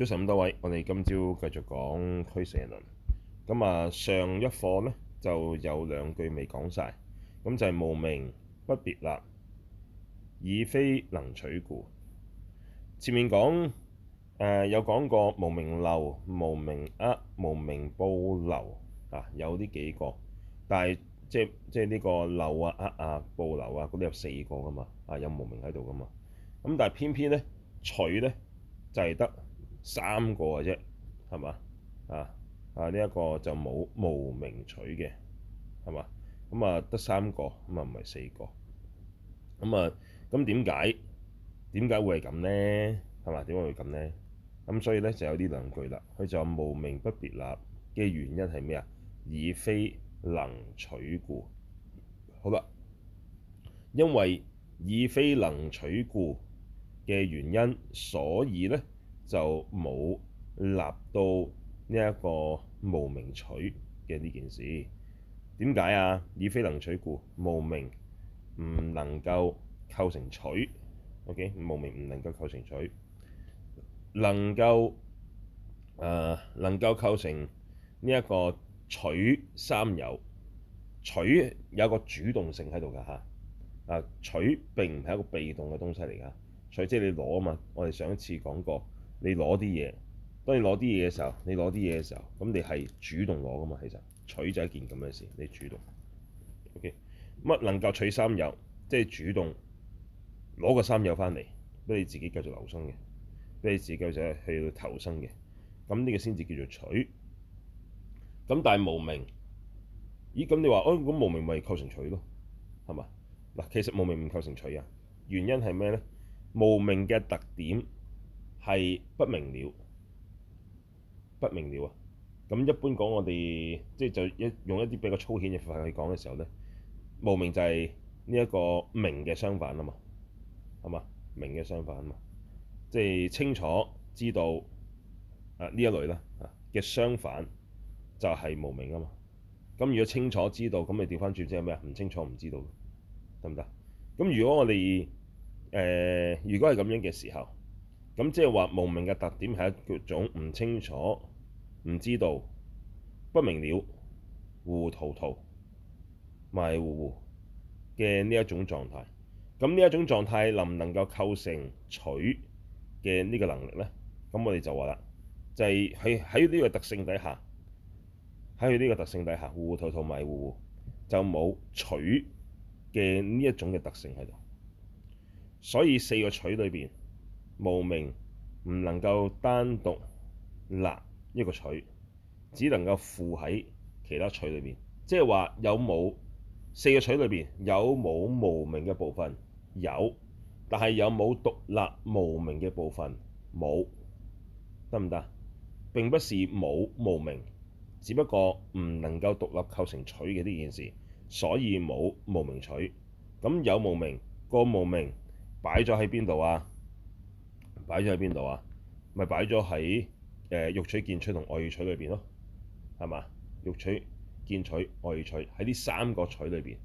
早晨咁多位，我哋今朝繼續講俱舍論。咁啊，上一課呢就有兩句未講晒，咁就係、是、無明不別立，以非能取故。前面講誒、呃、有講過無明漏、無明軛，無明瀑流啊，有呢幾個，但係即即呢個漏啊、軛啊、瀑流啊，嗰啲有四個㗎嘛啊，有無明喺度㗎嘛。咁但係偏偏呢，取呢就係、是、得。三個嘅啫，係嘛啊啊？呢、啊、一、這個就冇無明取嘅，係嘛咁啊？得三個咁啊，唔係四個咁啊。咁點解點解會係咁呢？係嘛？點解會咁呢？咁所以咧就有呢兩句啦。佢就無明不別立嘅原因係咩啊？以非能取故。好啦，因為以非能取故嘅原因，所以咧。就冇立到呢一個無明取嘅呢件事，點解啊？以非能取故，無明唔能夠構成取，OK 無明唔能夠構成取，能夠誒、呃、能夠構成呢一個取三有，取有個主動性喺度㗎嚇，啊取並唔係一個被動嘅東西嚟㗎，取即係你攞啊嘛，我哋上一次講過。你攞啲嘢，當你攞啲嘢嘅時候，你攞啲嘢嘅時候，咁你係主動攞噶嘛？其實取就係一件咁嘅事，你主動。O.K. 乜能夠取三有，即係主動攞個三有翻嚟，俾你自己繼續留生嘅，俾你自己繼續去投生嘅，咁呢個先至叫做取。咁但係無明，咦？咁你話哦，咁、哎、無明咪構成取咯，係嘛？嗱，其實無明唔構成取啊，原因係咩咧？無明嘅特點。係不明了，不明了啊！咁一般講我哋即係就一、是、用一啲比較粗淺嘅法去講嘅時候咧，無明就係呢一個明嘅相反啊嘛，係嘛？明嘅相反啊嘛，即係清楚知道啊呢一類啦嘅相反就係無明啊啊嘛。咁如果清楚知道，咁你調翻轉即係咩啊？唔清楚唔知道，得唔得？咁如果我哋誒、呃、如果係咁樣嘅時候。咁即係話無明嘅特點係一種唔清楚、唔知道、不明了、糊糊塗塗迷糊糊嘅呢一種狀態。咁呢一種狀態能唔能夠構成取嘅呢個能力呢？咁我哋就話啦，就係喺喺呢個特性底下，喺呢個特性底下糊糊塗塗迷糊糊就冇取嘅呢一種嘅特性喺度。所以四個取裏邊，無明唔能夠單獨立一個取，只能夠附喺其他取裏邊。即係話有冇四個取裏邊？有冇無明嘅部分？有，但係有冇獨立無明嘅部分？冇，得唔得？並不是冇無明，只不過唔能夠獨立構成取嘅呢件事，所以冇無明取。咁有無明，個無明擺咗喺邊度啊？擺咗喺邊度啊？咪擺咗喺誒欲取、見取同外取裏邊咯，係嘛？欲取、見取、外取喺呢三個取裏邊，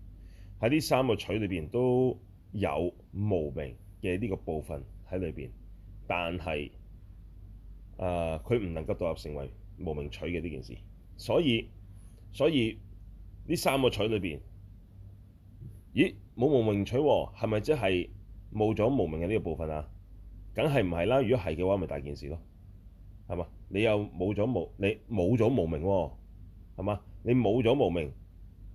喺呢三個取裏邊都有無明嘅呢個部分喺裏邊，但係誒佢唔能夠獨立成為無明取嘅呢件事，所以所以呢三個取裏邊，咦？冇無明取喎，啊，係咪即係冇咗無明嘅呢個部分啊？梗係唔係啦？如果係嘅話，咪、就是、大件事咯，係嘛？你又冇咗無，你冇咗無明喎，係嘛？你冇咗無明，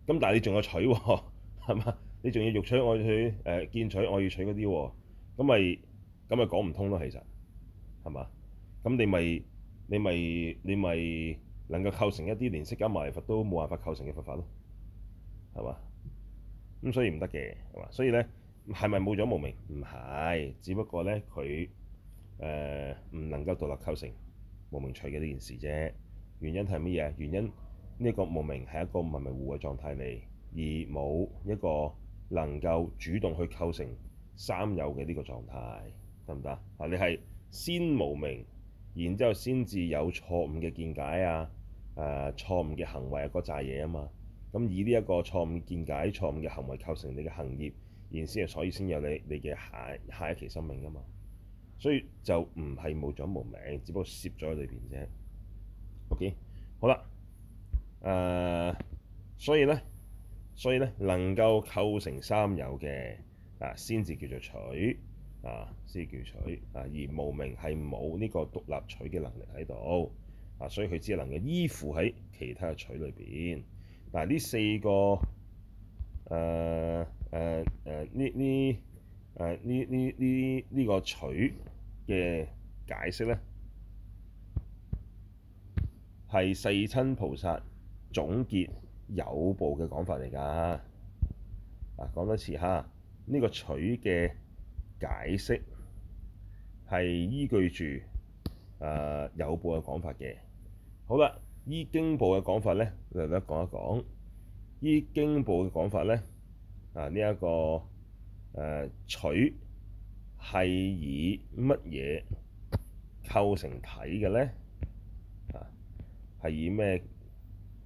咁但係你仲有取喎，係嘛？你仲要欲取愛取，誒、呃、見取愛要取嗰啲喎，咁咪咁咪講唔通咯，其實係嘛？咁你咪你咪你咪能夠構成一啲連釋迦牟尼佛都冇辦法構成嘅佛法咯，係嘛？咁所以唔得嘅，係嘛？所以咧。係咪冇咗無明？唔係，只不過呢，佢誒唔能夠獨立構成無明取嘅呢件事啫。原因係乜嘢？原因呢個無明係一個迷迷糊嘅狀態嚟，而冇一個能夠主動去構成三有嘅呢個狀態，得唔得啊？是你係先無明，然之後先至有錯誤嘅見解啊，誒錯誤嘅行為一個紮嘢啊嘛。咁以呢一個錯誤見解、錯誤嘅行為,、嗯、行為構成你嘅行業。然先後，所以先有你你嘅下一下一期生命㗎嘛，所以就唔係冇咗無名，只不過攝咗喺裏邊啫。OK，好啦，誒、呃，所以咧，所以咧能夠構成三有嘅嗱、啊，先至叫做取啊，先至叫取啊，而無名係冇呢個獨立取嘅能力喺度啊，所以佢只能夠依附喺其他嘅取裏邊嗱。呢、啊、四個誒。啊誒誒，呢呢誒呢呢呢呢個取嘅解釋咧，係世親菩薩總結有部嘅講法嚟㗎。嗱，講多次嚇，呢個取嘅解釋係依據住誒、啊、有部嘅講法嘅。好啦，依經部嘅講法咧，我哋一講一講依經部嘅講法咧。啊！呢，這、一個誒、呃、取係以乜嘢構成體嘅咧，okay? 啊？啊，係以咩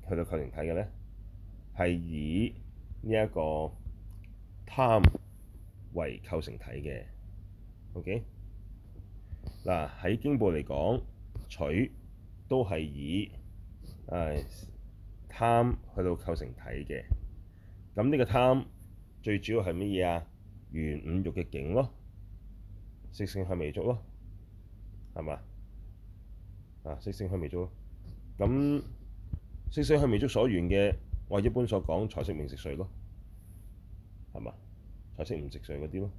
去到構成體嘅咧？係以呢一個貪為構成體嘅。OK，嗱，喺經部嚟講，取都係以誒貪去到構成體嘅。咁呢個貪。最主要係乜嘢啊？緣五欲嘅境咯，色聲香味觸咯，係嘛啊？色聲香味觸咯，咁色聲香味觸所緣嘅，我哋一般所講財色名食睡咯，係嘛？財色名食睡嗰啲咯，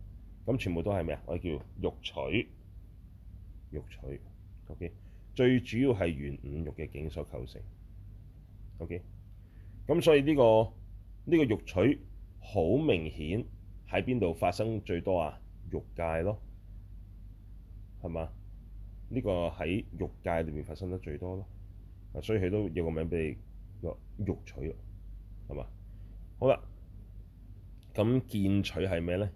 咁全部都係咩啊？我哋叫欲取，欲取，OK。最主要係緣五欲嘅境所構成，OK。咁所以呢個呢個欲取。好明顯喺邊度發生最多啊？欲界咯，係嘛？呢個喺欲界裏面發生得最多咯，所以佢都有個名俾你叫欲取，係嘛？好啦，咁見取係咩咧？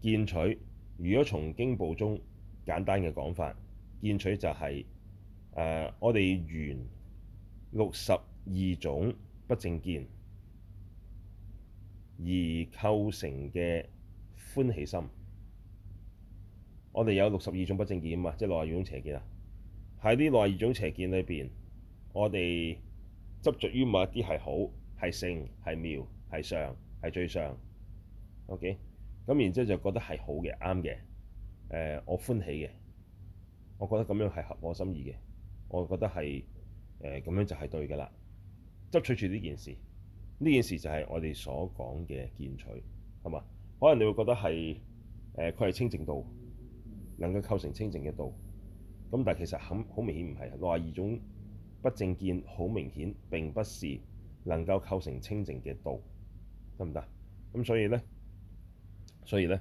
見取如果從經部中簡單嘅講法，見取就係、是、誒、呃、我哋緣六十二種不正見。而構成嘅歡喜心，我哋有六十二種不正見啊嘛，即係六十二種邪見啊。喺呢六十二種邪見裏邊，我哋執着於某一啲係好、係聖、係妙、係上、係最上。OK，咁然之後就覺得係好嘅、啱嘅，誒、呃、我歡喜嘅，我覺得咁樣係合我心意嘅，我覺得係誒咁樣就係對嘅啦，執取住呢件事。呢件事就係我哋所講嘅見取，係嘛？可能你會覺得係誒，佢、呃、係清淨道，能夠構成清淨嘅道。咁但係其實很好明顯唔係，六十二種不正見好明顯並不是能夠構成清淨嘅道，得唔得？咁所以咧，所以咧，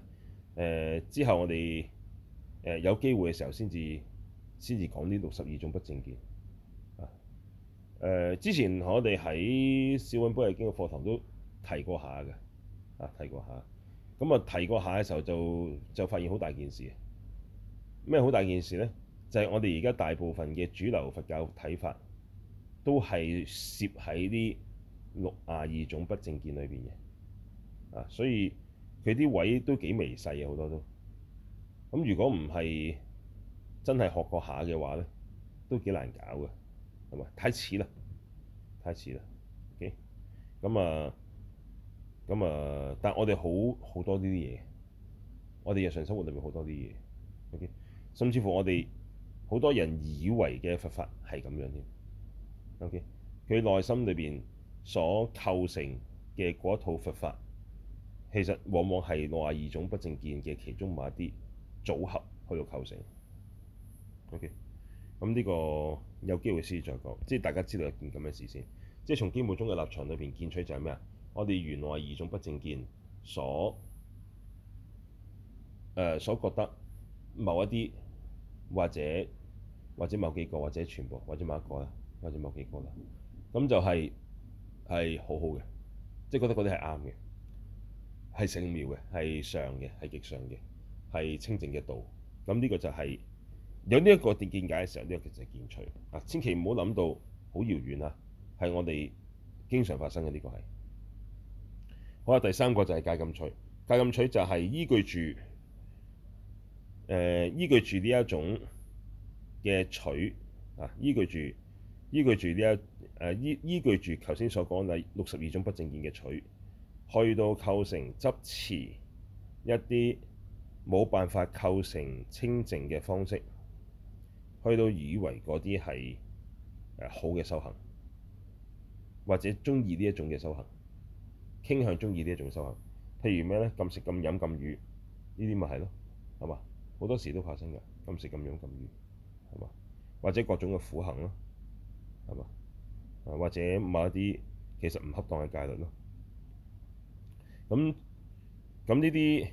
誒之後我哋誒有機會嘅時候先至先至講呢六十二種不正見。誒、呃、之前我哋喺小碗杯嘅經嘅課堂都提過下嘅，啊提過下，咁啊提過下嘅時候就就發現好大件事，咩好大件事咧？就係、是、我哋而家大部分嘅主流佛教睇法，都係攝喺啲六十二種不正見裏邊嘅，啊所以佢啲位都幾微細嘅、啊、好多都，咁、啊、如果唔係真係學過下嘅話咧，都幾難搞嘅。係咪太似啦？太似啦。O K，咁啊，咁、嗯、啊，但係我哋好好多呢啲嘢，我哋日常生活裏面好多啲嘢。O、okay? K，甚至乎我哋好多人以為嘅佛法係咁樣添。O K，佢內心裏邊所構成嘅嗰套佛法，其實往往係六十二種不正見嘅其中某一啲組合去到構成。O K，咁呢個。有機會先至再講，即係大家知道一件咁嘅事先，即係從基本中嘅立場裏邊見取就係咩啊？我哋原來二種不正見所誒、呃、所覺得某一啲或者或者某幾個或者全部或者某一個啦，或者某幾個啦，咁就係、是、係好好嘅，即係覺得嗰啲係啱嘅，係勝妙嘅，係上嘅，係極上嘅，係清淨嘅道。咁呢個就係、是。有呢一個定見解嘅時候，呢、這個其實係見取啊，千祈唔好諗到好遙遠啊。係我哋經常發生嘅呢、這個係好啊。第三個就係戒禁取，戒禁取就係依據住誒、呃、依據住呢一種嘅取啊，依據住依據住呢一誒、啊、依依據住頭先所講嘅六十二種不正見嘅取，去到構成執持一啲冇辦法構成清淨嘅方式。去都以為嗰啲係誒好嘅修行，或者中意呢一種嘅修行，傾向中意呢一種修行，譬如咩咧？禁食、禁飲、禁語呢啲咪係咯，係嘛？好多時都發生嘅，禁食、禁飲、禁語係嘛？或者各種嘅苦行咯，係嘛？或者某一啲其實唔恰當嘅戒律咯。咁咁呢啲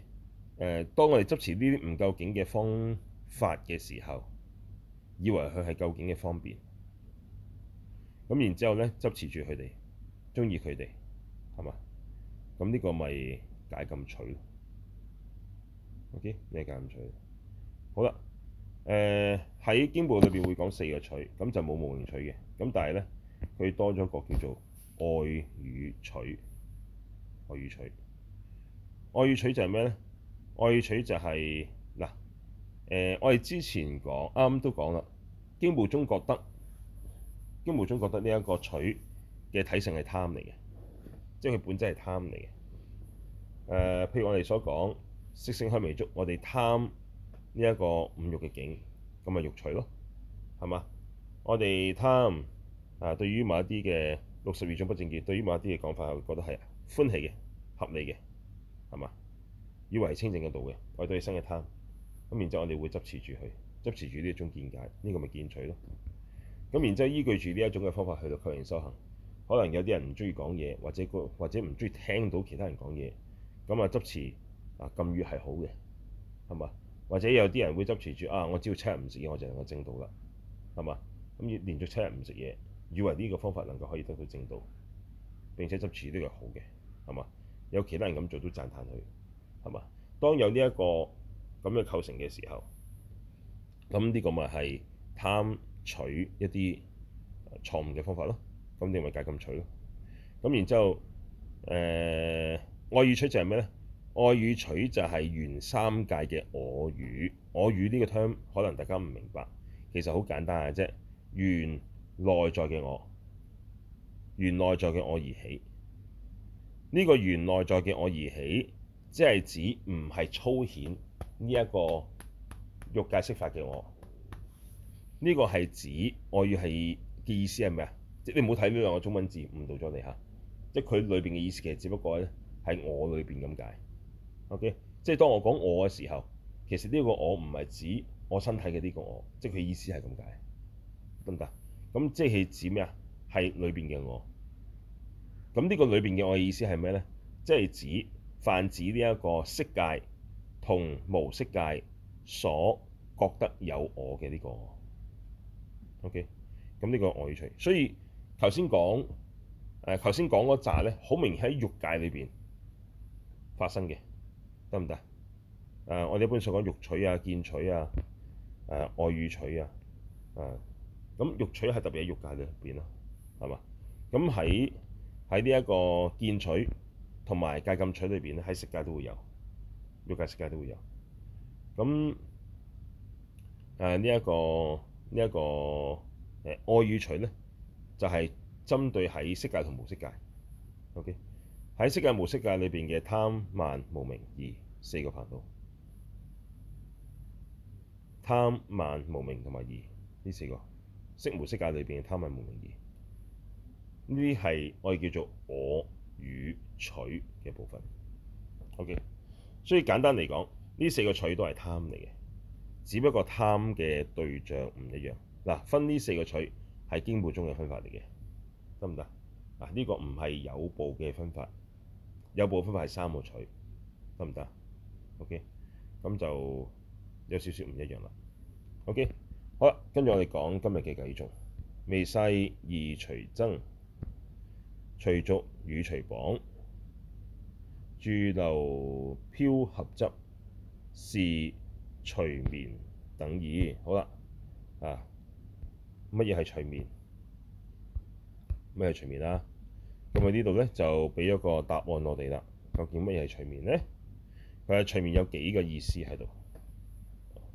誒，當我哋執持呢啲唔夠勁嘅方法嘅時候。以為佢係究竟嘅方便，咁然之後咧，執持住佢哋，中意佢哋係嘛？咁呢個咪戒禁取？OK 咩戒禁取？好啦，誒喺經部裏邊會講四個取，咁就冇冇明取嘅，咁但係咧佢多咗一個叫做愛與取，愛與取，愛與取就係咩咧？愛與取就係、是。誒、呃，我哋之前講啱啱都講啦。經部中覺得，經部中覺得呢一個取嘅體性係貪嚟嘅，即係佢本質係貪嚟嘅。誒、呃，譬如我哋所講色聲香味觸，我哋貪呢一個五欲嘅境，咁咪欲取咯，係嘛？我哋貪啊，對於某一啲嘅六十二種不正見，對於某一啲嘅講法，我覺得係歡喜嘅、合理嘅，係嘛？以為係清淨嘅道嘅，我哋對於身嘅貪。咁然之後，我哋會執持住佢，執持住呢一種見解，呢、這個咪見取咯。咁然之後，依據住呢一種嘅方法去到確認修行，可能有啲人唔中意講嘢，或者佢或者唔中意聽到其他人講嘢，咁啊執持啊禁語係好嘅，係嘛？或者有啲人會執持住啊，我只要七日唔食嘢，我就能夠正到啦，係嘛？咁要連續七日唔食嘢，以為呢個方法能夠可以得到正道，並且執持都係好嘅，係嘛？有其他人咁做都讚歎佢，係嘛？當有呢、這、一個。咁樣構成嘅時候，咁呢個咪係貪取一啲錯誤嘅方法咯。咁你咪戒禁取咯。咁然之後，誒、呃、我語取就係咩呢？我語取就係緣三界嘅我語，我語呢個 term 可能大家唔明白，其實好簡單嘅啫。緣內在嘅我，緣內在嘅我而起呢、呢個緣內在嘅我而起，即係指唔係粗顯。呢一個欲界色法嘅我，呢、這個係指我語係嘅意思係咩啊？即係你唔好睇呢兩個中文字誤導咗你吓。即係佢裏邊嘅意思，其實只不過係咧喺我裏邊咁解。OK，即係當我講我嘅時候，其實呢個我唔係指我身體嘅呢個我，即係佢意思係咁解得唔得？咁即係指咩啊？係裏邊嘅我。咁、這、呢個裏邊嘅我嘅意思係咩咧？即係指泛指呢一個色界。同無色界所覺得有我嘅呢、這個，OK，咁呢個我語取。所以頭先講誒頭先講嗰扎咧，好、呃、明顯喺欲界裏邊發生嘅，得唔得？誒、呃，我哋一般上講欲取啊、見取啊、誒、呃、我語取啊，誒咁欲取係特別喺欲界嘅裏邊咯，係嘛？咁喺喺呢一個見取同埋戒禁取裏邊咧，喺色界都會有。欲界色界都會有咁誒呢一個呢一、這個誒、呃、愛與取呢，就係、是、針對喺色界同無色界。O.K. 喺色界無色界裏邊嘅貪慢無明疑四個煩惱，貪慢無明同埋疑呢四個色無色界裏邊嘅貪慢無明疑呢啲係我哋叫做我與取嘅部分。O.K. 所以簡單嚟講，呢四個取都係貪嚟嘅，只不過貪嘅對象唔一樣。嗱，分呢四個取係經部中嘅分法嚟嘅，得唔得？啊，呢、這個唔係有部嘅分法，有部分法係三個取，得唔得？OK，咁就有少少唔一樣啦。OK，好啦，跟住我哋講今日嘅計數，微細二隨增，隨逐與隨縛。住流漂合執，是隨眠等義。好啦啊，乜嘢係隨眠，咩係隨眠啊？咁喺呢度咧就畀咗個答案我哋啦。究竟乜嘢係隨眠咧？佢係隨眠有幾個意思喺度？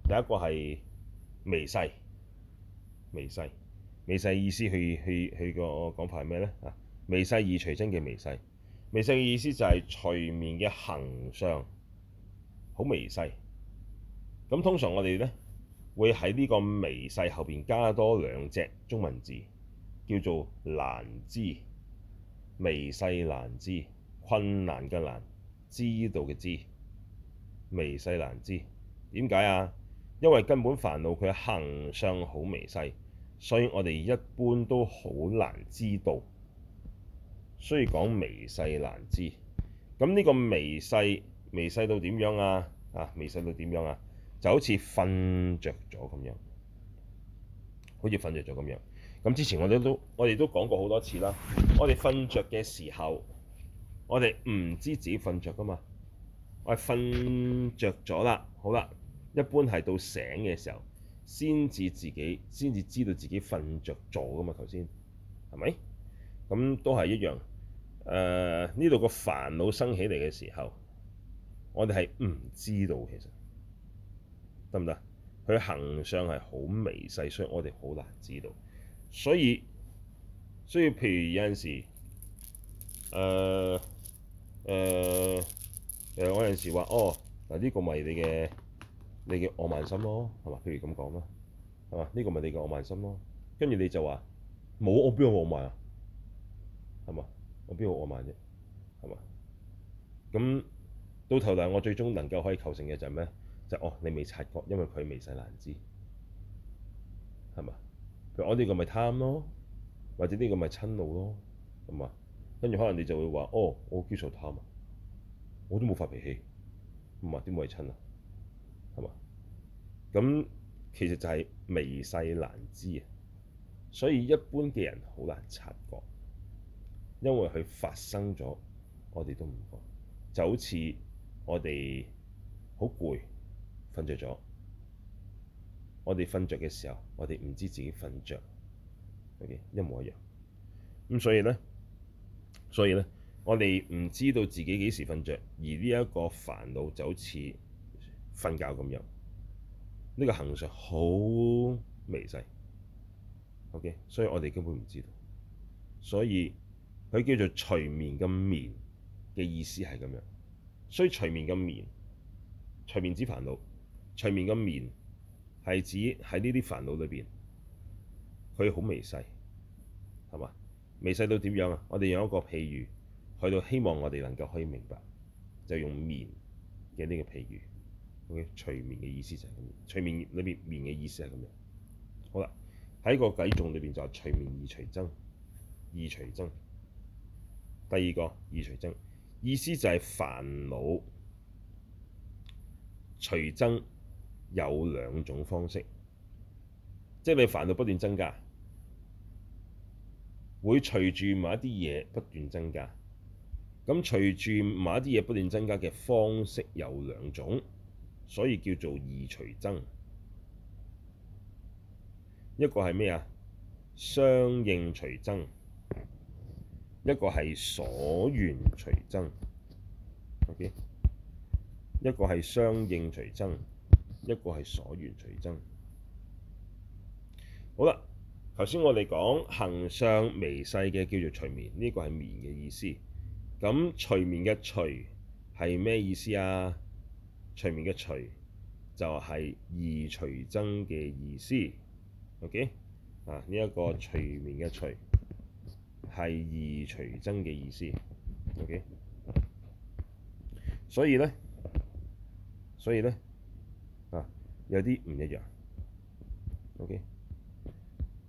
第一個係微細，微細，微細意思去去去個講法係咩咧？啊，微細二隨增嘅微細。微細嘅意思就係隨眠嘅行相好微細，咁通常我哋呢會喺呢個微細後邊加多兩隻中文字，叫做難知，微細難知，困難嘅難，知道嘅知，微細難知。點解啊？因為根本煩惱佢行相好微細，所以我哋一般都好難知道。所以講微細難知，咁呢個微細，微細到點樣啊？啊，微細到點樣啊？就好似瞓着咗咁樣，好似瞓着咗咁樣。咁之前我哋都，我哋都講過好多次啦。我哋瞓着嘅時候，我哋唔知自己瞓着噶嘛。我瞓着咗啦，好啦，一般係到醒嘅時候，先至自己先至知道自己瞓着咗噶嘛。頭先係咪？咁都係一樣。誒呢度個煩惱生起嚟嘅時候，我哋係唔知道其實得唔得？佢行相係好微細，所以我哋好難知道。所以所以，譬如有陣時誒誒誒，我、呃呃、有陣時話：哦，嗱、這、呢個咪你嘅你嘅傲慢心咯，係嘛？譬如咁講啦，係嘛？呢、這個咪你嘅傲慢心咯。跟住你就話冇，我邊有傲慢啊？係嘛？我邊會傲慢啫，係嘛？咁到頭嚟，我最終能夠可以構成嘅就係咩？就是、哦，你未察覺，因為佢微細難知，係嘛？譬如我呢個咪貪咯，或者呢個咪瞋怒咯，係嘛？跟住可能你就會話：哦，我叫做貪啊，我都冇發脾氣，唔係點會係瞋啊？係嘛？咁其實就係微細難知啊，所以一般嘅人好難察覺。因為佢發生咗，我哋都唔覺，就好似我哋好攰，瞓着咗。我哋瞓着嘅時候，我哋唔知自己瞓着，O.K. 一模一樣。咁所以咧，所以咧，我哋唔知道自己幾時瞓着，而呢一個煩惱就好似瞓覺咁樣，呢、這個行術好微細。O.K.，所以我哋根本唔知道，所以。佢叫做隨眠嘅眠嘅意思係咁樣，所以隨眠嘅眠，隨眠指煩惱，隨眠嘅眠係指喺呢啲煩惱裏邊，佢好微細，係嘛？微細到點樣啊？我哋用一個譬喻去到，希望我哋能夠可以明白，就用眠嘅呢個譬喻。OK，隨眠嘅意思就係咁，隨眠裏邊眠嘅意思係咁樣。好啦，喺個偈仲裏邊就係隨眠二隨增，二隨增。第二個二隨增，意思就係煩惱隨增有兩種方式，即係你煩惱不斷增加，會隨住某一啲嘢不斷增加。咁隨住某一啲嘢不斷增加嘅方式有兩種，所以叫做二隨增。一個係咩啊？相應隨增。一個係所緣隨增，OK，一個係相應隨增，一個係所緣隨增。好啦，頭先我哋講行相微細嘅叫做隨眠，呢個係眠嘅意思。咁隨眠嘅隨係咩意思啊？隨眠嘅隨就係、是、二隨增嘅意思，OK，啊呢一、這個隨眠嘅隨。隨係易隨增嘅意思。O.K. 所以咧，所以咧啊，有啲唔一樣。O.K.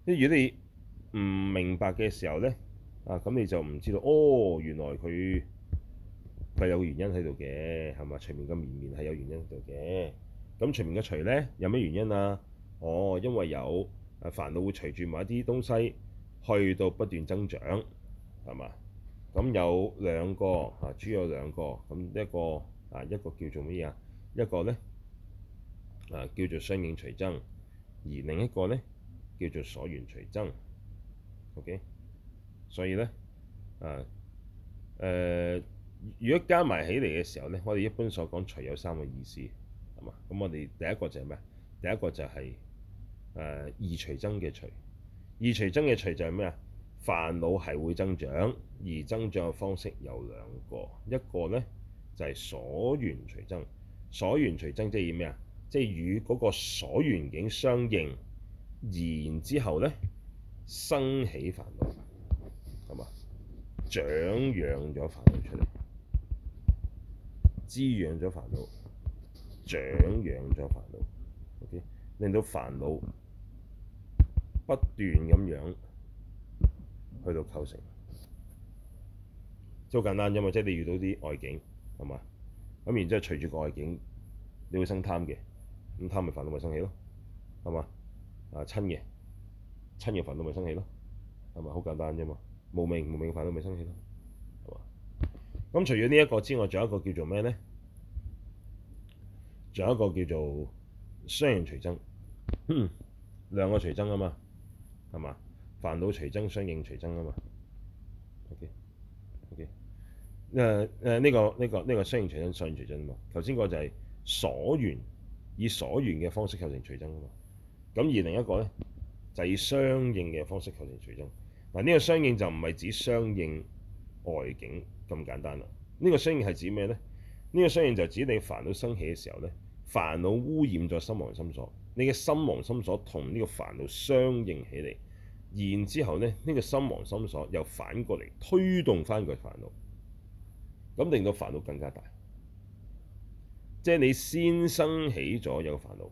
即如果你唔明白嘅時候咧啊，咁你就唔知道哦，原來佢係有原因喺度嘅，係嘛？隨眠嘅眠眠係有原因喺度嘅。咁隨眠嘅隨咧有咩原因啊？哦，因為有啊煩惱會隨住某一啲東西。去到不斷增長，係嘛？咁有兩個啊，主要有兩個，咁一個啊，一個叫做咩嘢啊？一個咧啊，叫做相應隨增，而另一個咧叫做所緣隨增。OK，所以咧啊，誒、呃，如果加埋起嚟嘅時候咧，我哋一般所講隨有三個意思，係嘛？咁我哋第一個就係咩？第一個就係、是、誒、啊、二隨增嘅隨。而隨增嘅隨就係咩啊？煩惱係會增長，而增長嘅方式有兩個，一個咧就係、是、所緣隨增，所緣隨增即係要咩啊？即係與嗰個所緣境相應，然之後咧生起煩惱，係嘛？長養咗煩惱出嚟，滋養咗煩惱，長養咗煩惱，OK，令到煩惱。不斷咁樣去到構成，好簡單啫嘛，即係你遇到啲外境，係嘛？咁然之後隨住個外境，你會生貪嘅，咁貪咪煩惱咪生起咯，係嘛？啊親嘅，親嘅煩惱咪生起咯，係咪好簡單啫嘛？無明無明煩惱咪生起咯，係嘛？咁除咗呢一個之外，仲有一個叫做咩咧？仲有一個叫做雙緣隨增，兩 個隨增啊嘛～係嘛？煩惱隨增，相應隨增啊嘛。OK，OK、okay. okay. 呃。誒、呃、誒，呢、這個呢、這個呢個相應隨增，相應隨增嘛？頭先個就係所緣以所緣嘅方式構成隨增啊嘛。咁而另一個咧就係、是、以相應嘅方式構成隨增。嗱、啊，呢、這個相應就唔係指相應外境咁簡單啦。呢、這個相應係指咩咧？呢、這個相應就指你煩惱生起嘅時候咧，煩惱污染咗心王心所，你嘅心王心所同呢個煩惱相應起嚟，然之後呢，呢、這個心王心所又反過嚟推動翻佢煩惱，咁令到煩惱更加大。即係你先生起咗有煩惱，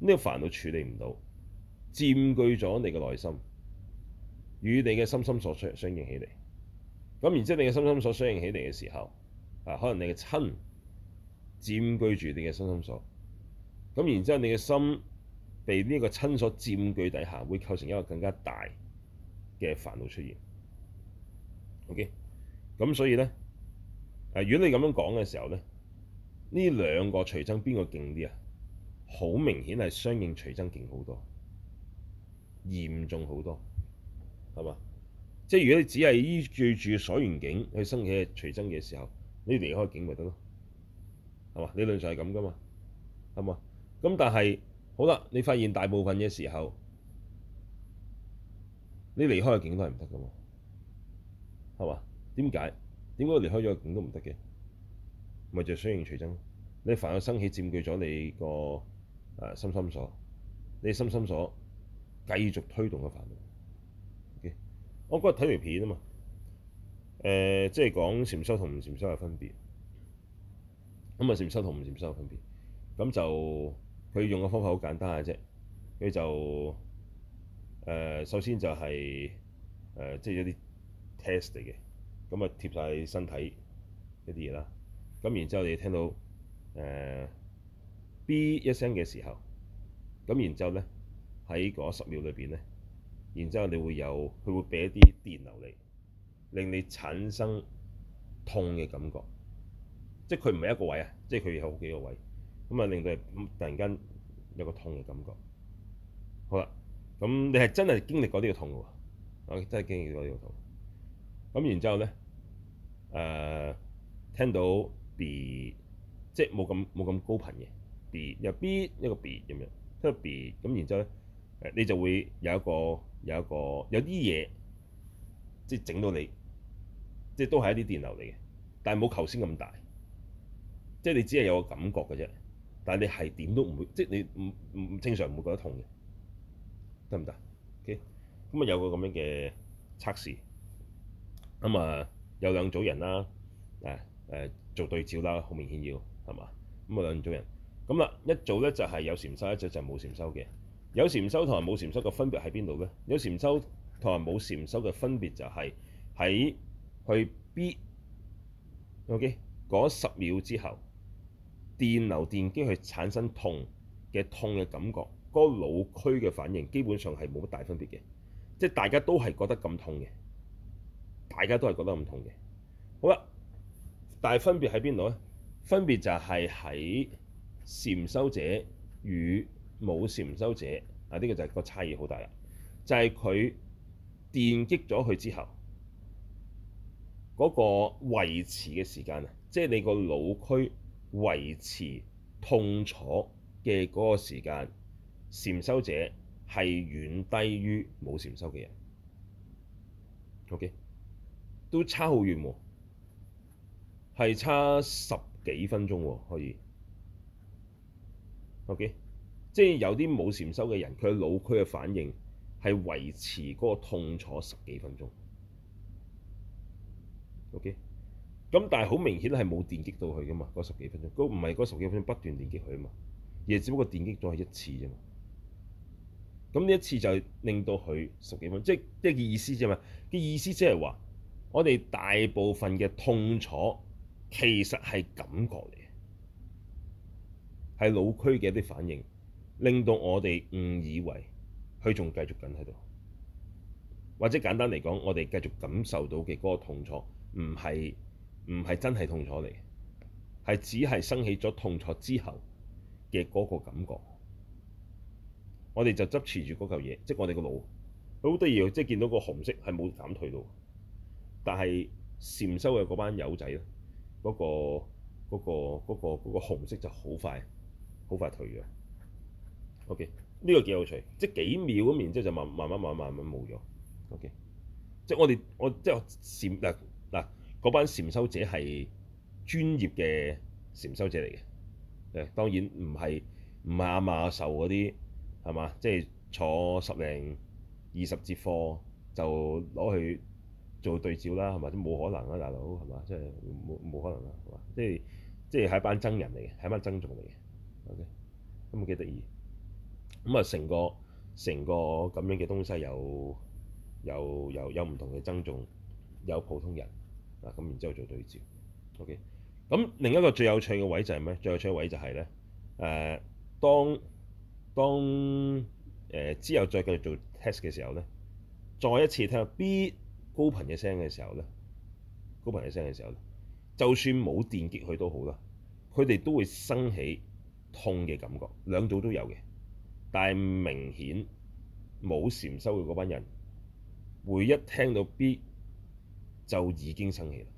呢、這個煩惱處理唔到，佔據咗你嘅內心，與你嘅心心所相相應起嚟。咁然之後，你嘅心心所相應起嚟嘅時候，啊，可能你嘅瞋佔據住你嘅心心所。咁然之後，你嘅心被呢個瞋所佔據底下，會構成一個更加大嘅煩惱出現。OK，咁所以咧，啊，如果你咁樣講嘅時候咧，呢兩個隨增邊個勁啲啊？好明顯係相應隨增勁好多，嚴重好多，係嘛？即係如果你只係依住住所緣境去生起嘅隨增嘅時候，你離開境咪得咯，係嘛？理論上係咁噶嘛，係嘛？咁但係，好啦，你發現大部分嘅時候，你離開個境都係唔得噶嘛，係嘛？點解？點解離開咗個境都唔得嘅？咪就相應隨增。你煩惱生起，佔據咗你個誒心心所，你心心所繼續推動嘅煩惱。O.K. 我嗰日睇條片啊嘛，誒即係講禪修同唔禪修嘅分別，咁啊禪修同唔禪修嘅分別，咁就。佢用嘅方法好簡單嘅啫，佢就誒、呃、首先就係、是、誒、呃、即係一啲 test 嚟嘅，咁啊貼晒喺身體一啲嘢啦，咁然之後你聽到誒、呃、B 一聲嘅時候，咁然之後咧喺嗰十秒裏邊咧，然之後你會有佢會俾一啲電流嚟令你產生痛嘅感覺，即係佢唔係一個位啊，即係佢有幾個位。咁啊，令到人突然間有個痛嘅感覺好。好啦，咁你係真係經歷過呢個痛嘅喎，啊，真係經歷過呢個痛。咁然之後咧，誒聽到 B，即係冇咁冇咁高頻嘅 B，入邊一個 B 咁樣，聽到 B，咁然之後咧，誒你就會有一個有一個有啲嘢，即係整到你，即係都係一啲電流嚟嘅，但係冇頭先咁大，即係你只係有個感覺嘅啫。但係你係點都唔會，即係你唔唔正常唔會覺得痛嘅，得唔得？OK，咁、嗯、啊有個咁樣嘅測試，咁、嗯、啊有兩組人啦，誒、嗯、誒、嗯、做對照啦，好明顯要係嘛？咁啊、嗯、兩組人，咁啦一組咧就係有禪修，一組就冇禪修嘅。有禪修同埋冇禪修嘅分別喺邊度咧？有禪修同埋冇禪修嘅分別就係喺去 B OK 嗰十秒之後。電流電擊去產生痛嘅痛嘅感覺，嗰個腦區嘅反應基本上係冇乜大分別嘅，即係大家都係覺得咁痛嘅，大家都係覺得咁痛嘅。好啦，但係分別喺邊度咧？分別就係喺禪修者與冇禪修者啊！呢個就係個差異好大啦，就係佢電擊咗佢之後，嗰個維持嘅時間啊，即係你個腦區。維持痛楚嘅嗰個時間，禪修者係遠低於冇禪修嘅人。OK，都差好遠喎，係差十幾分鐘喎、哦，可以。OK，即係有啲冇禪修嘅人，佢腦區嘅反應係維持嗰個痛楚十幾分鐘。OK。咁但係好明顯係冇電擊到佢㗎嘛？嗰十幾分鐘，嗰唔係嗰十幾分鐘不斷電擊佢啊嘛，而係只不過電擊咗係一次啫嘛。咁呢一次就令到佢十幾分鐘，即係即係意思啫嘛。嘅意思即係話，我哋大部分嘅痛楚其實係感覺嚟嘅，係腦區嘅一啲反應，令到我哋誤以為佢仲繼續緊喺度，或者簡單嚟講，我哋繼續感受到嘅嗰個痛楚唔係，唔係真係痛楚嚟，係只係升起咗痛楚之後嘅嗰個感覺。我哋就執持住嗰嚿嘢，即係我哋個腦，好得意，即係見到個紅色係冇減退到。但係禪修嘅嗰班友仔咧，嗰個嗰個嗰個嗰個紅色就好快好快退嘅。OK，呢個幾有趣，即係、okay，幾秒咁，然之後就慢慢慢慢慢慢冇咗。OK，即係我哋我即係我禪嗱嗱。嗰班禪修者係專業嘅禪修者嚟嘅，誒當然唔係唔係阿馬阿壽嗰啲係嘛，即係坐十零二十節課就攞去做對照啦，係咪？都冇可能啊，大佬係嘛，即係冇冇可能啊，係嘛，即係即係係一班僧人嚟嘅，係一班僧眾嚟嘅。O.K. 咁幾得意，咁啊成個成個咁樣嘅東西有有有有唔同嘅僧眾，有普通人，咁然之後做對照，OK。咁另一個最有趣嘅位就係、是、咩？最有趣嘅位就係、是、咧，誒、呃，當當誒、呃、之後再繼續做 test 嘅時候咧，再一次聽到 B 高頻嘅聲嘅時候咧，高頻嘅聲嘅時候呢，就算冇電極佢都好啦，佢哋都會生起痛嘅感覺，兩組都有嘅，但係明顯冇禪修嘅嗰班人，會一聽到 B。就已經生氣啦，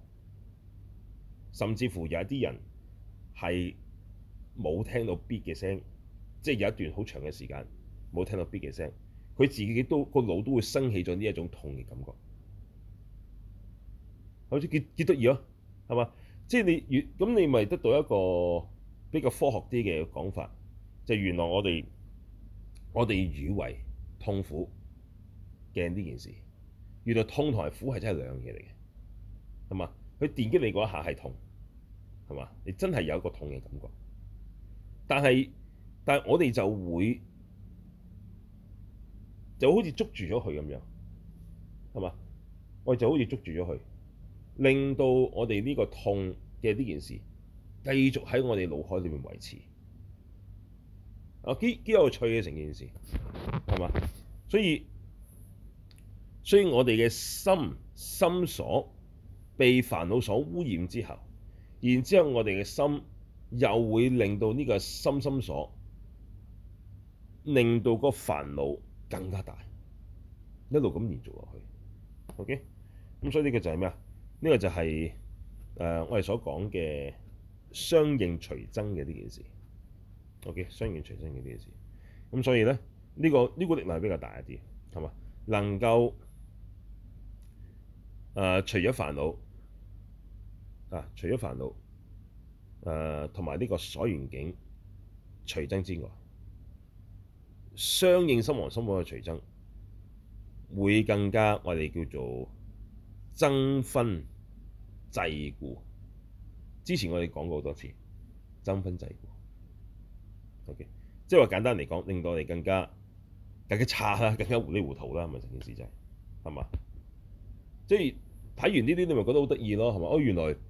甚至乎有一啲人係冇聽到 b 嘅聲，即係有一段好長嘅時間冇聽到 b 嘅聲，佢自己都個腦都會生起咗呢一種痛嘅感覺，好似幾幾得意啊，係嘛？即係你越咁，你咪得到一個比較科學啲嘅講法，就係、原來我哋我哋以為痛苦嘅呢件事，原來越痛同埋苦係真係兩樣嘢嚟嘅。係嘛？佢電擊你嗰一下係痛，係嘛？你真係有一個痛嘅感覺。但係，但係我哋就會就好似捉住咗佢咁樣，係嘛？我就好似捉住咗佢，令到我哋呢個痛嘅呢件事繼續喺我哋腦海裏面維持。啊，幾幾有趣嘅成件事，係嘛？所以，所以我哋嘅心心所。被煩惱所污染之後，然之後我哋嘅心又會令到呢個心心所，令到個煩惱更加大，一路咁延續落去。OK，咁所以呢個就係咩啊？呢、這個就係、是、誒、呃、我哋所講嘅相應隨增嘅呢件事。OK，相應隨增嘅呢件事。咁所以咧，呢、這個呢、這個力量係比較大一啲，係嘛？能夠誒、呃、除咗煩惱。啊！除咗煩惱，誒同埋呢個所緣境隨增之外，相應心王心所嘅隨增會更加我哋叫做增分制故。之前我哋講過好多次，增分制故。OK，即係話簡單嚟講，令到我哋更加更加差啦，更加糊裡糊塗啦，係咪成件事就係、係？係嘛？即係睇完呢啲，你咪覺得好得意咯，係嘛？哦，原來～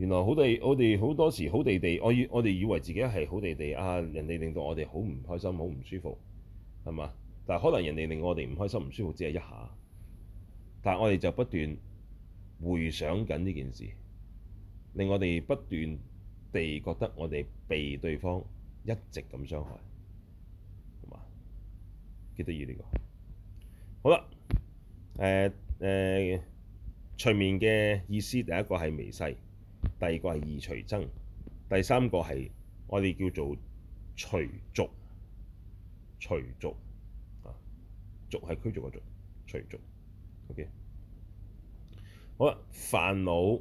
原來好哋，我哋好多時好地地，我我哋以為自己係好地地啊。人哋令到我哋好唔開心，好唔舒服，係嘛？但係可能人哋令我哋唔開心、唔舒服，只係一下，但係我哋就不斷回想緊呢件事，令我哋不斷地覺得我哋被對方一直咁傷害，係嘛？幾得意呢個？好啦，誒、呃、誒，睡眠嘅意思第一個係微細。第二個係二隨增，第三個係我哋叫做隨逐隨逐啊，逐係驅逐個逐隨逐。OK?，好啦，煩惱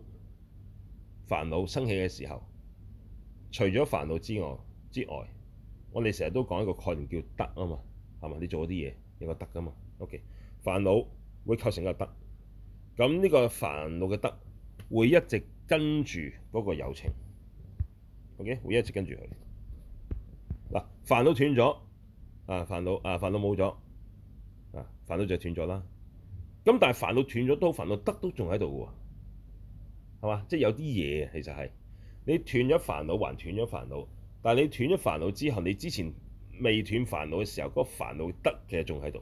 煩惱生起嘅時候，除咗煩惱之外之外，我哋成日都講一個概念叫「得」啊嘛，係咪？你做咗啲嘢，有個「得」噶嘛？OK，煩惱會構成一個「得」，咁呢個煩惱嘅「得」會一直。跟住嗰個有情，OK 會一直跟住佢。嗱，煩惱斷咗，啊煩惱啊煩惱冇咗，啊煩惱就斷咗啦。咁但係煩惱斷咗都煩惱得都仲喺度嘅喎，係嘛？即係有啲嘢其實係你斷咗煩惱還斷咗煩惱，但係你斷咗煩惱之後，你之前未斷煩惱嘅時候，嗰煩惱得其實仲喺度。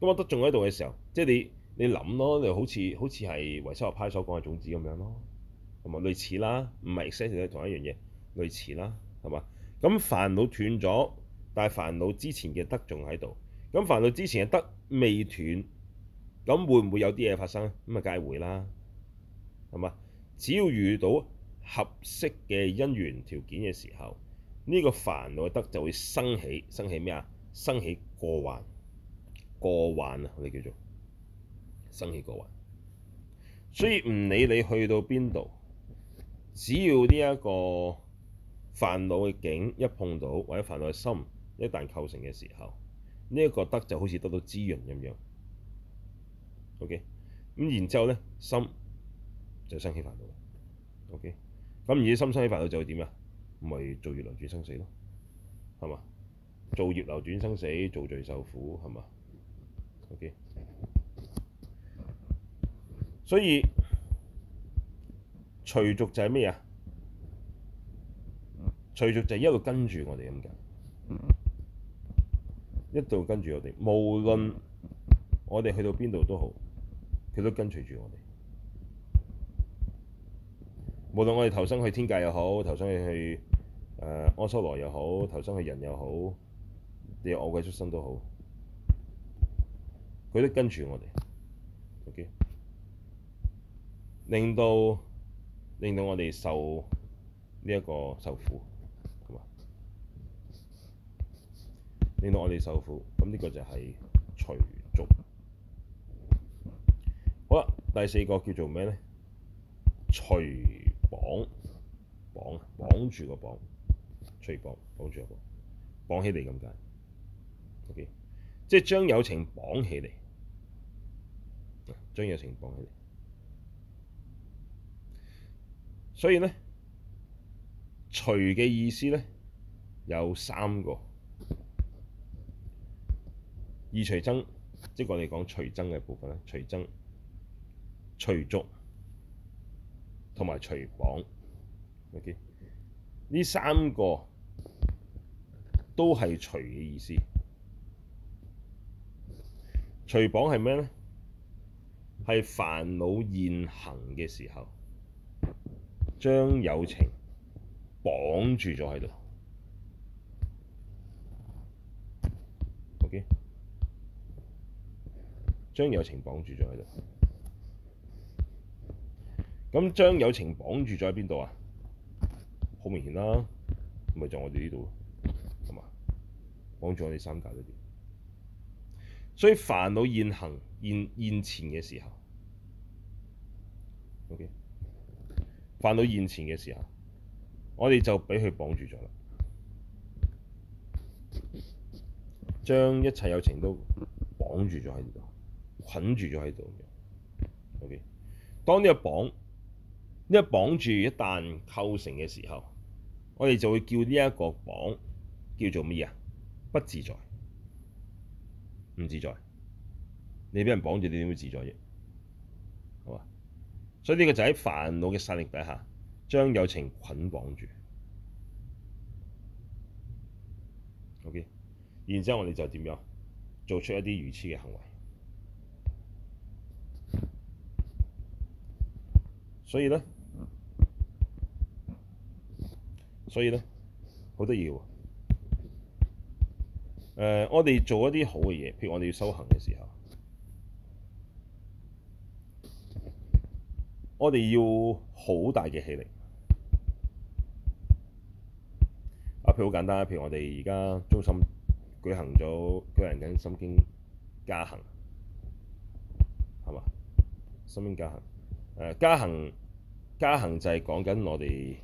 咁我得仲喺度嘅時候，即係你。你諗咯，你好似好似係維修學派所講嘅種子咁樣咯，同埋類似啦，唔係 exactly 同一樣嘢，類似啦，係嘛？咁煩惱斷咗，但係煩惱之前嘅得仲喺度，咁煩惱之前嘅得未斷，咁會唔會有啲嘢發生？咁啊，介會啦，係嘛？只要遇到合適嘅因緣條件嘅時候，呢個煩惱嘅得就會生起，生起咩啊？生起過患，過患啊，我哋叫做。生起過患，所以唔理你去到邊度，只要呢一個煩惱嘅境一碰到，或者煩惱嘅心一旦構成嘅時候，呢、這、一個得就好似得到滋潤咁樣。OK，咁然之後咧，心就生起煩惱。OK，咁而心生起煩惱就會點啊？咪、就是、造業流轉生死咯，係嘛？造業流轉生死，造罪受苦，係嘛？OK。所以隨逐就係咩啊？隨逐就係一路跟住我哋咁解，一路跟住我哋，無論我哋去到邊度都好，佢都跟隨住我哋。無論我哋投生去天界又好，投生去去誒阿修羅又好，投生去人又好，定係餓鬼畜生都好，佢都跟住我哋。O.K. 令到令到我哋受呢一個受苦咁啊！令到我哋受，受苦，咁呢個就係隨逐。好啦，第四個叫做咩咧？隨綁綁綁，綁住個綁，隨綁綁住個綁，綁起嚟咁解。OK，即係將有情綁起嚟，將有情綁起嚟。所以呢，隨嘅意思呢，有三個，二隨增，即係我哋講隨增嘅部分咧，隨增、隨逐同埋隨縛。OK，呢三個都係隨嘅意思。隨縛係咩呢？係煩惱現行嘅時候。將有情綁住咗喺度，OK，將有情綁住咗喺度。咁將有情綁住咗喺邊度啊？好明顯啦，咪就在我哋呢度咯，係嘛？綁住我哋三界嗰邊。所以煩惱現行現現前嘅時候，OK。犯到現前嘅時候，我哋就俾佢綁住咗啦，將一切有情都綁住咗喺度，捆住咗喺度。OK，當呢個綁，呢個綁住一旦構成嘅時候，我哋就會叫呢一個綁叫做乜嘢啊？不自在，唔自在。你俾人綁住，你點會自在啫？所以呢個就喺煩惱嘅勢力底下，將有情捆綁住。OK，然之後我哋就點樣做出一啲愚痴嘅行為？所以咧，所以咧，好得意喎！誒，我哋做一啲好嘅嘢，譬如我哋要修行嘅時候。我哋要好大嘅氣力。啊，譬如好簡單，譬如我哋而家中心舉行咗舉行緊《心經》加行，係嘛？《心經》加行，誒，加行加行就係講緊我哋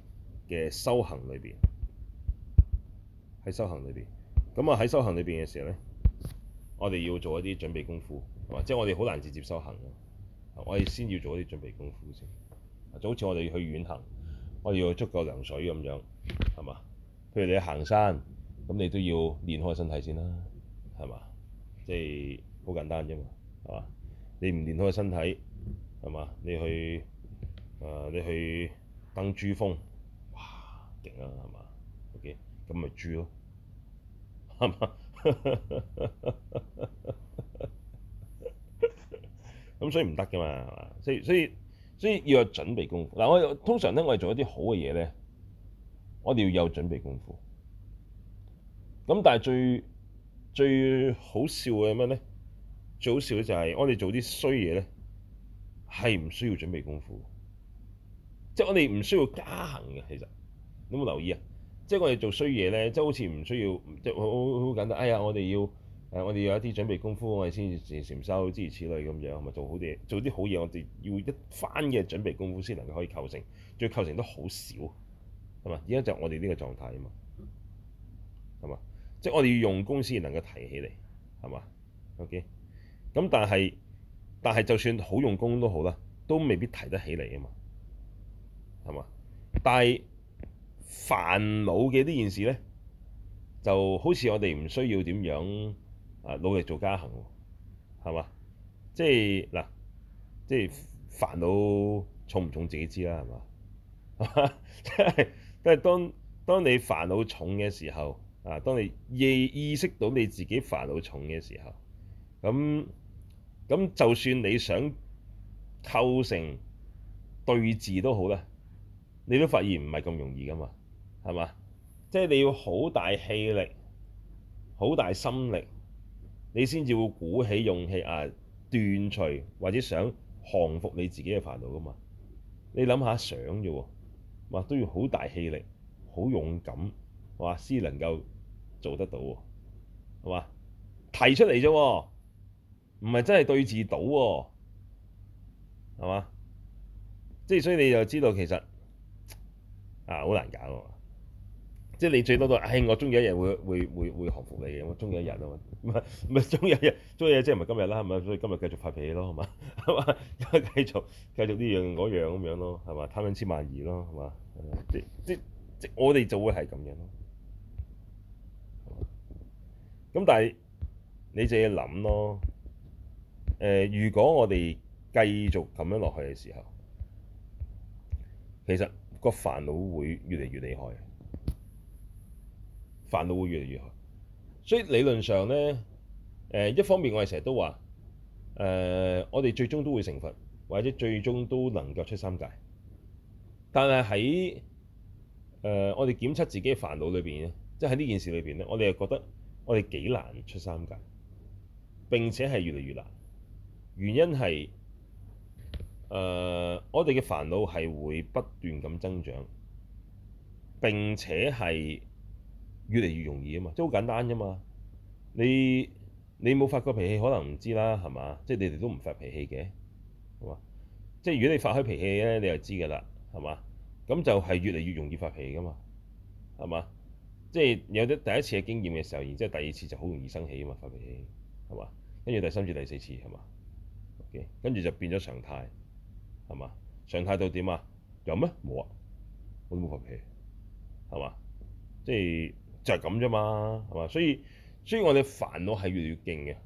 嘅修行裏邊，喺修行裏邊。咁啊喺修行裏邊嘅時候咧，我哋要做一啲準備功夫，係嘛？即係我哋好難直接修行咯。我哋先要做啲準備功夫先，就好似我哋去遠行，我哋要足夠涼水咁樣，係嘛？譬如你行山，咁你都要練開身體先啦，係嘛？即係好簡單啫嘛，係嘛？你唔練開身體，係嘛？你去誒、呃，你去登珠峰，哇，勁啊，係嘛？OK，咁咪住咯，係嘛？ 咁所以唔得㗎嘛，係嘛？所以所以所以要有準備功夫。嗱，我通常咧，我哋做一啲好嘅嘢咧，我哋要有準備功夫。咁但係最最好笑嘅係咩咧？最好笑嘅就係我哋做啲衰嘢咧，係唔需要準備功夫，即係我哋唔需要加行嘅。其實有冇留意啊？即係我哋做衰嘢咧，即係好似唔需要，即係好好簡單。哎呀，我哋要～誒、啊，我哋有一啲準備功夫，我哋先至先收之如此類咁樣，係咪做好啲做啲好嘢？我哋要一番嘅準備功夫先能夠可以構成，最構成都好少，係嘛？而家就我哋呢個狀態啊嘛，係嘛？即係我哋要用功先能夠提起嚟，係嘛？OK，咁但係但係就算好用功都好啦，都未必提得起嚟啊嘛，係嘛？但係煩惱嘅呢件事咧，就好似我哋唔需要點樣。啊！努力做家行，係嘛？即係嗱、啊，即係煩惱重唔重，自己知啦，係嘛？嚇！ 即係都係當當你煩惱重嘅時候，啊！當你意意識到你自己煩惱重嘅時候，咁咁就算你想構成對治都好啦，你都發現唔係咁容易噶嘛？係嘛？即係你要好大氣力，好大心力。你先至會鼓起勇氣啊，斷除或者想降服你自己嘅煩惱噶嘛？你諗下想啫喎、啊，都要好大氣力、好勇敢，話、啊、先能夠做得到喎，係嘛？提出嚟啫喎，唔、啊、係真係對治到喎，係嘛？即係所以你就知道其實啊好難搞啊！即係你最多都係、哎，我中意一日會會會會降服你嘅。我中意一日啊嘛，唔係唔係中意一日，中意一日，一日即係唔係今日啦，係咪？所以今日繼續發脾氣咯，係嘛，係嘛，繼續繼續呢樣嗰樣咁樣咯，係嘛，貪兩千萬二咯，係嘛 即即即我哋就會係咁樣咯。咁但係你就要諗咯。誒、呃，如果我哋繼續咁樣落去嘅時候，其實個煩惱會越嚟越厲害。煩惱會越嚟越，所以理論上咧，誒一方面我哋成日都話，誒、呃、我哋最終都會成佛，或者最終都能夠出三界。但係喺誒我哋檢測自己煩惱裏邊咧，即係喺呢件事裏邊咧，我哋又覺得我哋幾難出三界，並且係越嚟越難。原因係誒、呃、我哋嘅煩惱係會不斷咁增長，並且係。越嚟越容易啊嘛，即係好簡單啫嘛。你你冇發過脾氣，可能唔知啦，係嘛？即係你哋都唔發脾氣嘅，係嘛？即係如果你發開脾氣咧，你就知㗎啦，係嘛？咁就係越嚟越容易發脾氣噶嘛，係嘛？即係有咗第一次嘅經驗嘅時候，然之後第二次就好容易生氣啊嘛，發脾氣係嘛？跟住第三次、第四次係嘛？ok，跟住就變咗常態係嘛？常態到點啊？有咩？冇啊，我都冇發脾氣係嘛？即係。就係咁啫嘛，係嘛？所以，所以我哋煩惱係越嚟越勁嘅。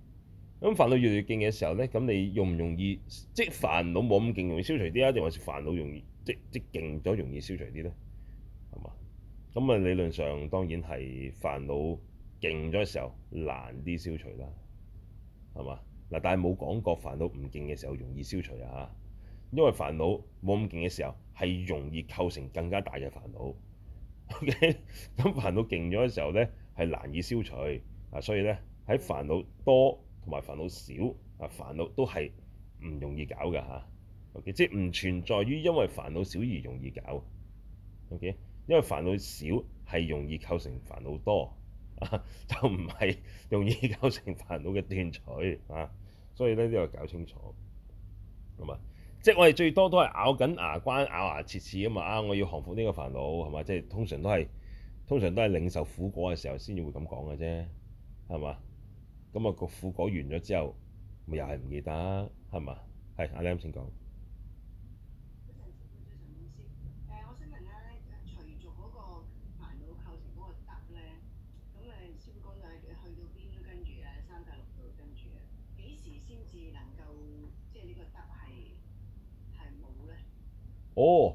咁煩惱越嚟越勁嘅時候呢，咁你容唔容易，即係煩惱冇咁勁，容易消除啲啊？定還是煩惱容易，即即勁咗容易消除啲呢？係嘛？咁啊，理論上當然係煩惱勁咗嘅時候難啲消除啦，係嘛？嗱，但係冇講過煩惱唔勁嘅時候容易消除啊，因為煩惱冇咁勁嘅時候係容易構成更加大嘅煩惱。o、okay? 咁煩惱勁咗嘅時候呢，係難以消除啊，所以呢，喺煩惱多同埋煩惱少啊，煩惱都係唔容易搞㗎吓。O.K.、啊、即係唔存在於因為煩惱少而容易搞。O.K.、啊、因為煩惱少係容易構成煩惱多，就唔係容易構成煩惱嘅斷取。啊。所以呢，都要搞清楚，好嘛？即係我哋最多都係咬緊牙關，咬牙切齒啊嘛啊！我要降服呢個煩惱係嘛？即係通常都係通常都係領受苦果嘅時候先至會咁講嘅啫，係嘛？咁、那、啊，個苦果完咗之後，咪又係唔記得係嘛？係阿靚先講。哦，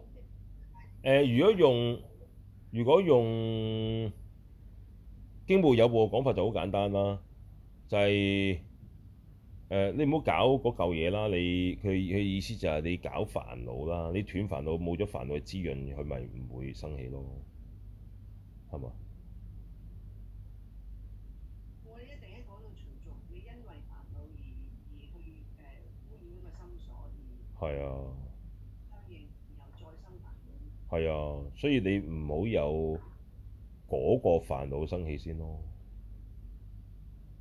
誒、呃，如果用如果用經部有部嘅講法就好簡單啦，就係、是、誒、呃，你唔好搞嗰嚿嘢啦，你佢佢意思就係你搞煩惱啦，你斷煩惱，冇咗煩惱嘅滋潤，佢咪唔會生氣咯，係嘛？我一定喺嗰度存著，你因為煩惱而而去誒污染一個心所以，係啊。係啊，所以你唔好有嗰個煩惱生氣先咯，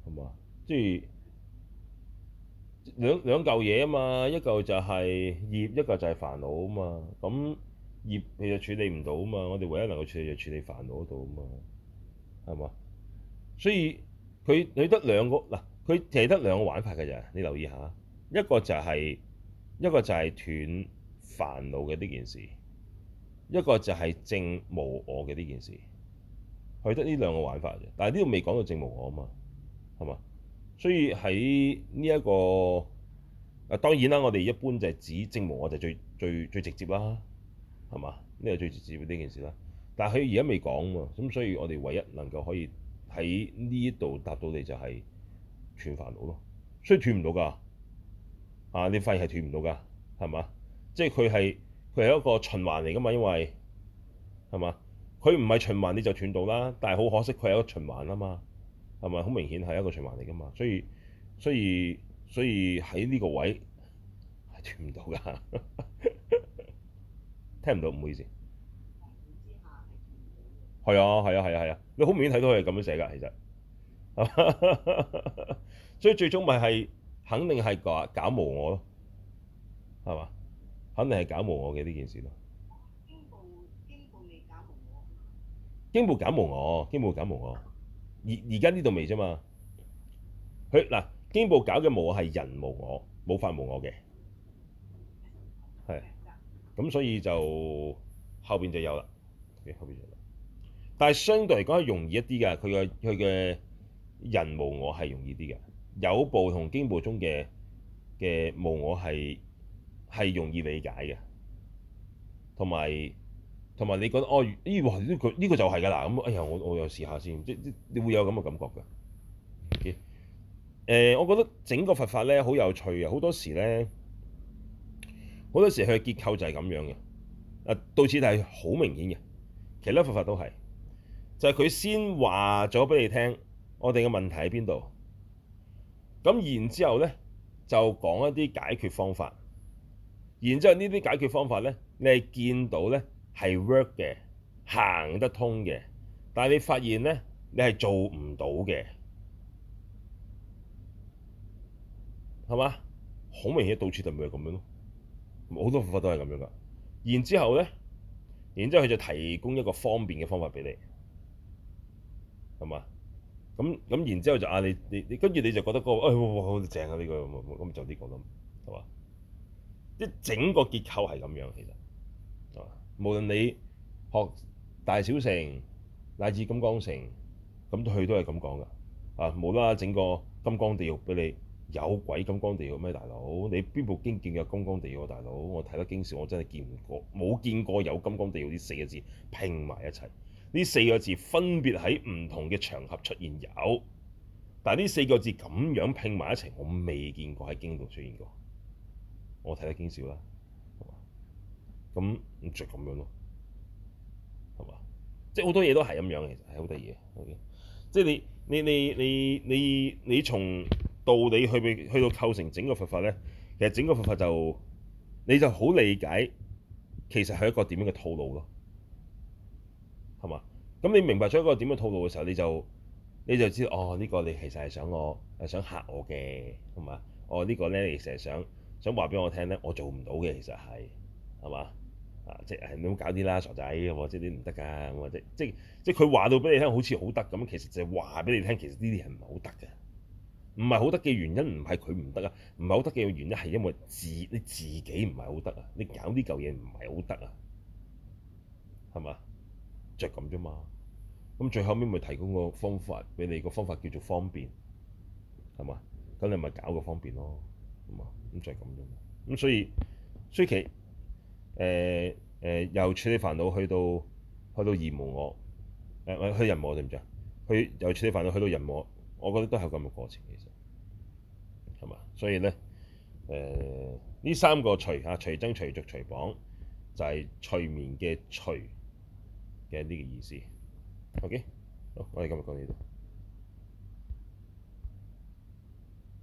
係嘛？即係兩兩嚿嘢啊嘛，一嚿就係業，一嚿就係煩惱啊嘛。咁業你就處理唔到啊嘛，我哋唯一能夠處理就係處理煩惱度啊嘛，係嘛？所以佢你得兩個嗱，佢淨係得兩個玩法嘅啫。你留意下，一個就係、是、一個就係斷煩惱嘅呢件事。一個就係正無我嘅呢件事，佢得呢兩個玩法嘅，但係呢度未講到正無我啊嘛，係嘛？所以喺呢一個啊，當然啦，我哋一般就係指正無我就最最最直接啦，係嘛？呢個最直接嘅呢件事啦。但係佢而家未講喎，咁所以我哋唯一能夠可以喺呢度答到你就係斷煩惱咯，所以斷唔到㗎，啊你發現係斷唔到㗎，係嘛？即係佢係。佢係一個循環嚟噶嘛，因為係嘛？佢唔係循環你就斷到啦，但係好可惜佢係一個循環啊嘛，係咪好明顯係一個循環嚟噶嘛？所以所以所以喺呢個位係斷唔 到噶，聽唔到唔好意思。係 啊係啊係啊係啊，啊，啊，你好明顯睇到佢係咁樣寫噶，其實， 所以最終咪、就、係、是、肯定係話搞，搞無我咯，係嘛？肯定係搞無我嘅呢件事咯。經部，經部未搞無我。經部搞無我，經部搞無我。而而家，呢度未啫嘛。佢嗱，經部搞嘅無我係人無我，冇法無我嘅。係。咁所以就後邊就有啦。後邊就有。但係相對嚟講係容易一啲㗎。佢嘅佢嘅人無我係容易啲嘅。有部同經部中嘅嘅無我係。係容易理解嘅，同埋同埋你覺得哦咦？呢、哎這個呢、這個就係㗎啦。咁哎呀，我我又試下先，即係你會有咁嘅感覺嘅。誒、okay. 呃，我覺得整個佛法咧好有趣嘅，好多時咧好多時佢嘅結構就係咁樣嘅。啊，到此係好明顯嘅，其他佛法都係就係、是、佢先話咗俾你聽，我哋嘅問題喺邊度，咁然之後咧就講一啲解決方法。然之後呢啲解決方法咧，你係見到咧係 work 嘅，行得通嘅，但係你發現咧，你係做唔到嘅，係嘛？好明顯到處就唔係咁樣咯，好多方法都係咁樣㗎。然之後咧，然之後佢就提供一個方便嘅方法俾你，係嘛？咁咁然之後就是、啊你你你跟住你就覺得嗰、嗰個好正啊呢個咁、嗯、就呢個咯係嘛？即整個結構係咁樣，其實啊，無論你學大小城乃至金剛城，咁去都係咁講噶啊。無啦，整個金剛地獄俾你有鬼金剛地獄咩，大佬？你邊部經見有金剛地獄？大佬，我睇得經書，我真係見過冇見過有金剛地獄呢四個字拼埋一齊。呢四個字分別喺唔同嘅場合出現有，但呢四個字咁樣拼埋一齊，我未見過喺經度出現過。我睇得見少啦，係嘛？咁咁就咁樣咯，係嘛？即係好多嘢都係咁樣嘅，其實係好得意嘅。OK，即係你你你你你，你從道理去去到構成整個佛法咧，其實整個佛法就你就好理解，其實係一個點樣嘅套路咯，係嘛？咁你明白咗一個點樣套路嘅時候，你就你就知道哦，呢個你其實係想我係想嚇我嘅，係嘛？哦，呢個咧你成日想。想話俾我聽咧，我做唔到嘅，其實係係嘛啊，即係你咪搞啲啦，傻仔，或者即啲唔得噶，或者即即即佢話到俾你聽好似好得咁，其實就係話俾你聽，其實呢啲係唔係好得嘅，唔係好得嘅原因唔係佢唔得啊，唔係好得嘅原因係因為自你自己唔係好得啊，你搞呢嚿嘢唔係好得啊，係嘛，就咁啫嘛，咁最後尾咪提供個方法俾你，個方法叫做方便係嘛，咁你咪搞個方便咯，咁啊。咁就係咁啫嘛。咁所以，雖其誒誒由處理煩惱去到去到二無我，誒、呃、或去人我，對唔對啊？去由處理煩惱去到人我，我覺得都係咁嘅過程，其實係嘛？所以咧，誒、呃、呢三個隨啊，隨增、隨逐、隨綁，就係隨眠嘅隨嘅呢個意思。OK，好，我哋今日講呢度。